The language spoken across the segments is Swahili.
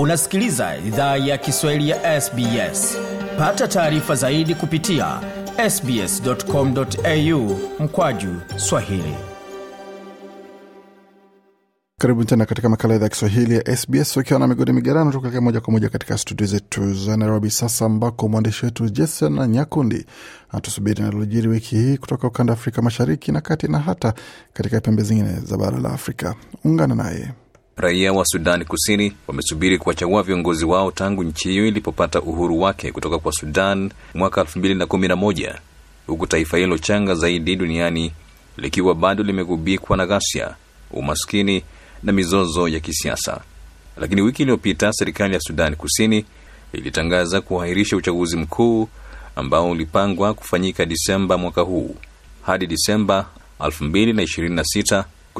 unasikiliza idhaa ya kiswahili ya sbs pata taarifa zaidi kupitia sbscomau mkwaju swahili karibu tena katika makala idhaa ya kiswahili ya sbs ukiwa na migodi migarano tukuelekea moja kwa moja katika studio zetu za nairobi sasa ambako mwandishi wetu jason nyakundi atusubiri nalojiri wiki hii kutoka ukanda afrika mashariki na kati na hata katika pembe zingine za bara la afrika ungana naye Raia wa Sudani Kusini wamesubiri kuwachagua viongozi wao tangu nchi hiyo ilipopata uhuru wake kutoka kwa Sudan mwaka 211 huku taifa hilo changa zaidi duniani likiwa bado limegubikwa na ghasia, umaskini na mizozo ya kisiasa. Lakini wiki iliyopita serikali ya Sudani Kusini ilitangaza kuahirisha uchaguzi mkuu ambao ulipangwa kufanyika Disemba mwaka huu hadi Disemba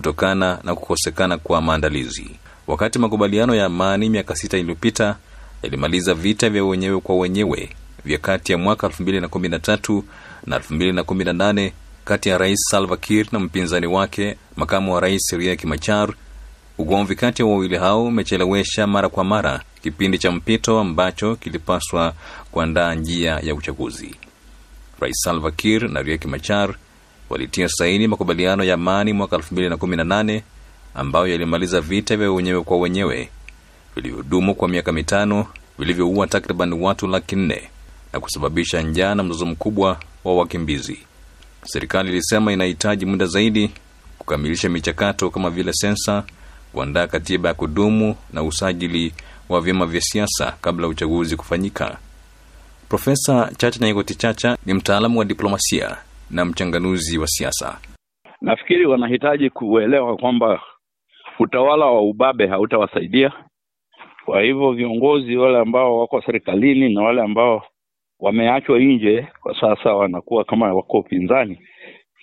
kutokana na kukosekana kwa maandalizi. Wakati makubaliano ya amani miaka sita iliyopita yalimaliza vita vya wenyewe kwa wenyewe vya kati ya mwaka 2013 na 2018 kati ya Rais Salva Kiir na mpinzani wake makamu wa rais Riek Machar. Ugomvi kati ya wawili hao umechelewesha mara kwa mara kipindi cha mpito ambacho kilipaswa kuandaa njia ya uchaguzi. Rais Salva Kiir na Riek Machar walitia saini makubaliano ya amani mwaka 2018 ambayo yalimaliza vita vya wenyewe kwa wenyewe vilivyodumu kwa miaka mitano vilivyoua takriban watu laki nne na kusababisha njaa na mzozo mkubwa wa wakimbizi. Serikali ilisema inahitaji muda zaidi kukamilisha michakato kama vile sensa, kuandaa katiba ya kudumu na usajili wa vyama vya siasa kabla uchaguzi kufanyika. Profesa Chacha Nyaigotti Chacha ni mtaalamu wa diplomasia na mchanganuzi wa siasa. Nafikiri wanahitaji kuelewa kwamba utawala wa ubabe hautawasaidia. Kwa hivyo viongozi wale ambao wako serikalini na wale ambao wameachwa nje kwa sasa wanakuwa kama wako upinzani,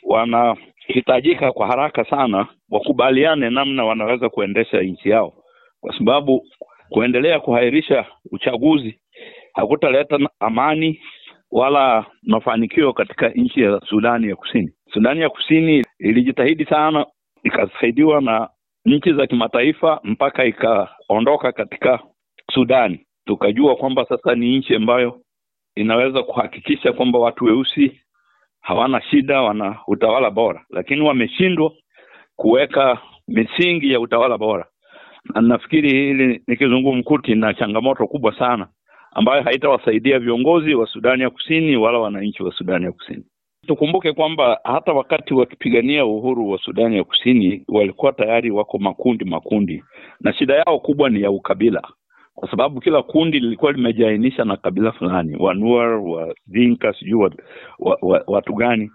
wanahitajika kwa haraka sana wakubaliane namna wanaweza kuendesha nchi yao, kwa sababu kuendelea kuhairisha uchaguzi hakutaleta amani wala mafanikio katika nchi ya Sudani ya Kusini. Sudani ya Kusini ilijitahidi sana, ikasaidiwa na nchi za kimataifa mpaka ikaondoka katika Sudani. Tukajua kwamba sasa ni nchi ambayo inaweza kuhakikisha kwamba watu weusi hawana shida, wana utawala bora, lakini wameshindwa kuweka misingi ya utawala bora. Na nafikiri hili ni kizungumkuti na changamoto kubwa sana ambayo haitawasaidia viongozi wa Sudani ya Kusini wala wananchi wa Sudani ya Kusini. Tukumbuke kwamba hata wakati wakipigania uhuru wa Sudani ya Kusini walikuwa tayari wako makundi makundi, na shida yao kubwa ni ya ukabila, kwa sababu kila kundi lilikuwa limejiainisha na kabila fulani, Wanuer, Wadinka, sijui wa, wa, wa, watu gani.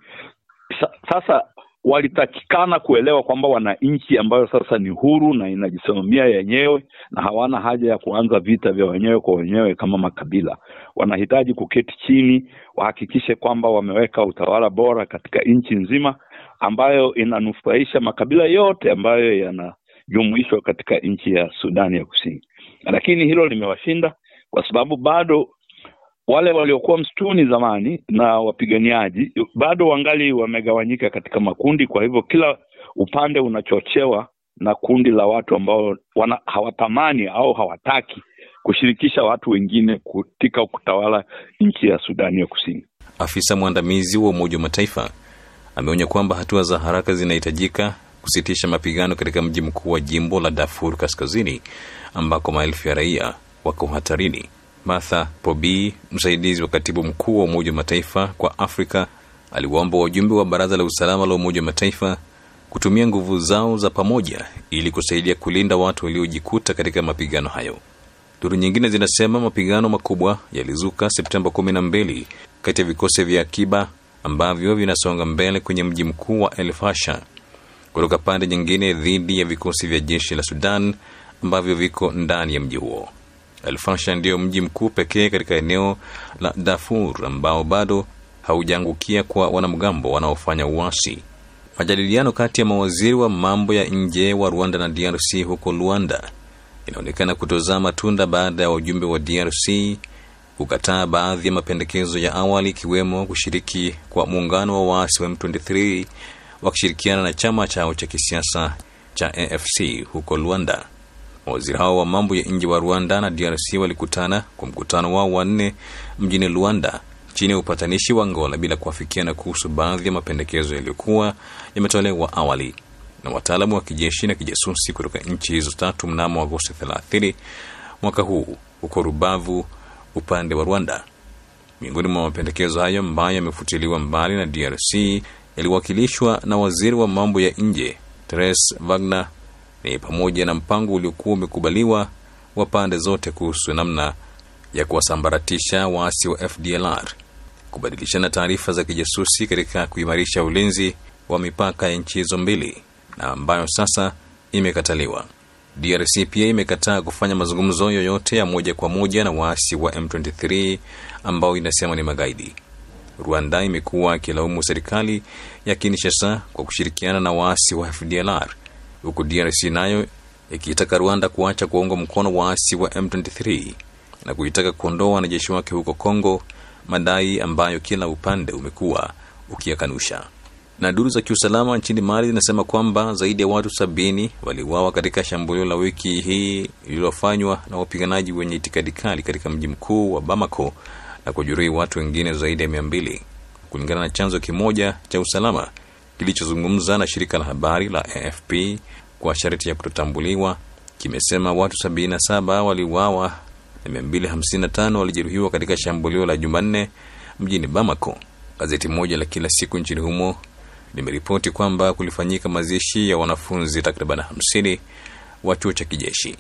Sasa walitakikana kuelewa kwamba wana nchi ambayo sasa ni huru na inajisimamia yenyewe na hawana haja ya kuanza vita vya wenyewe kwa wenyewe kama makabila. Wanahitaji kuketi chini, wahakikishe kwamba wameweka utawala bora katika nchi nzima ambayo inanufaisha makabila yote ambayo yanajumuishwa katika nchi ya Sudani ya Kusini. Lakini hilo limewashinda kwa sababu bado wale waliokuwa msituni zamani na wapiganiaji bado wangali wamegawanyika katika makundi. Kwa hivyo kila upande unachochewa na kundi la watu ambao wana, hawatamani au hawataki kushirikisha watu wengine katika kutawala nchi ya Sudani ya Kusini. Afisa mwandamizi wa Umoja wa Mataifa ameonya kwamba hatua za haraka zinahitajika kusitisha mapigano katika mji mkuu wa jimbo la Darfur Kaskazini ambako maelfu ya raia wako hatarini. Martha Pobi, msaidizi wa katibu mkuu wa Umoja wa Mataifa kwa Afrika, aliwaomba wajumbe wa Baraza la Usalama la Umoja wa Mataifa kutumia nguvu zao za pamoja ili kusaidia kulinda watu waliojikuta katika mapigano hayo. Duru nyingine zinasema mapigano makubwa yalizuka Septemba 12 kati ya vikosi vya akiba ambavyo vinasonga mbele kwenye mji mkuu wa El kutoka pande nyingine dhidi ya vikosi vya jeshi la Sudan ambavyo viko ndani ya mji huo. Alfasha ndiyo mji mkuu pekee katika eneo la Darfur ambao bado haujaangukia kwa wanamgambo wanaofanya uasi. Majadiliano kati ya mawaziri wa mambo ya nje wa Rwanda na DRC huko Luanda inaonekana kutozaa matunda baada ya wajumbe wa DRC kukataa baadhi ya mapendekezo ya awali ikiwemo kushiriki kwa muungano wa waasi wa M23 wakishirikiana na chama chao cha kisiasa cha AFC huko Luanda. Waziri hao wa mambo ya nje wa Rwanda na DRC walikutana kwa mkutano wao wa nne mjini Luanda chini ya upatanishi wa Angola bila kuafikiana kuhusu baadhi ya mapendekezo yaliyokuwa yametolewa awali na wataalamu wa kijeshi na kijasusi kutoka nchi hizo tatu mnamo Agosti 30 mwaka huu huko Rubavu upande wa Rwanda. Miongoni mwa mapendekezo hayo ambayo yamefutiliwa mbali na DRC yaliwakilishwa na waziri wa mambo ya nje Teres Wagner ni pamoja na mpango uliokuwa umekubaliwa wa pande zote kuhusu namna ya kuwasambaratisha waasi wa FDLR, kubadilishana taarifa za kijasusi katika kuimarisha ulinzi wa mipaka ya nchi hizo mbili na ambayo sasa imekataliwa. DRC pia imekataa kufanya mazungumzo yoyote ya moja kwa moja na waasi wa M23 ambao inasema ni magaidi. Rwanda imekuwa ikilaumu serikali ya Kinshasa kwa kushirikiana na waasi wa FDLR huku DRC nayo ikiitaka Rwanda kuacha kuwaunga mkono waasi wa M23 na kuitaka kuondoa wanajeshi wake huko Kongo, madai ambayo kila upande umekuwa ukiyakanusha. Na duru za kiusalama nchini Mali zinasema kwamba zaidi ya watu sabini waliuawa katika shambulio la wiki hii lililofanywa na wapiganaji wenye itikadi kali katika mji mkuu wa Bamako na kujeruhi watu wengine zaidi ya mia mbili kulingana na chanzo kimoja cha usalama kilichozungumza na shirika la habari la AFP kwa sharti ya kutotambuliwa kimesema watu 77 waliuawa na 255 walijeruhiwa katika shambulio la Jumanne mjini Bamako. Gazeti moja la kila siku nchini humo limeripoti kwamba kulifanyika mazishi ya wanafunzi takriban 50 wa chuo cha kijeshi.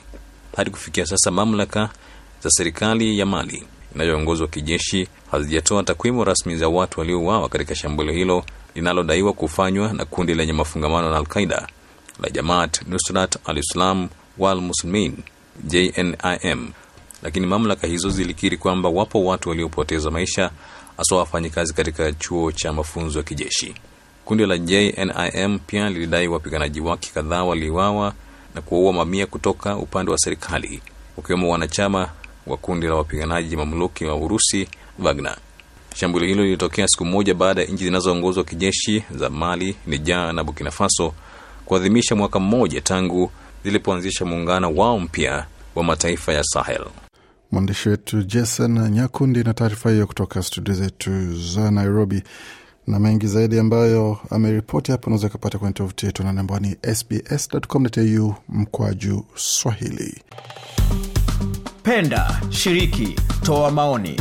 Hadi kufikia sasa, mamlaka za serikali ya Mali inayoongozwa kijeshi hazijatoa takwimu rasmi za watu waliouawa katika shambulio hilo linalodaiwa kufanywa na kundi lenye mafungamano na Alqaida la Jamaat Nusrat al Islam wal Muslimin JNIM, lakini mamlaka hizo zilikiri kwamba wapo watu waliopoteza maisha, aswa wafanyikazi katika chuo cha mafunzo ya kijeshi. Kundi la JNIM pia lilidai wapiganaji wake kadhaa waliwawa na kuwaua mamia kutoka upande wa serikali, wakiwemo wanachama wa kundi la wapiganaji mamluki wa Urusi Wagner. Shambulio hilo lilitokea siku moja baada ya nchi zinazoongozwa kijeshi za Mali, nija na Burkina Faso kuadhimisha mwaka mmoja tangu zilipoanzisha muungano wao mpya wa mataifa ya Sahel. Mwandishi wetu Jason Nyakundi na taarifa hiyo kutoka studio zetu za Nairobi na mengi zaidi ambayo ameripoti hapo unaweza kupata kwenye tovuti yetu na nambani sbscu sbs.com.au mkwaju Swahili. Penda, shiriki, toa maoni.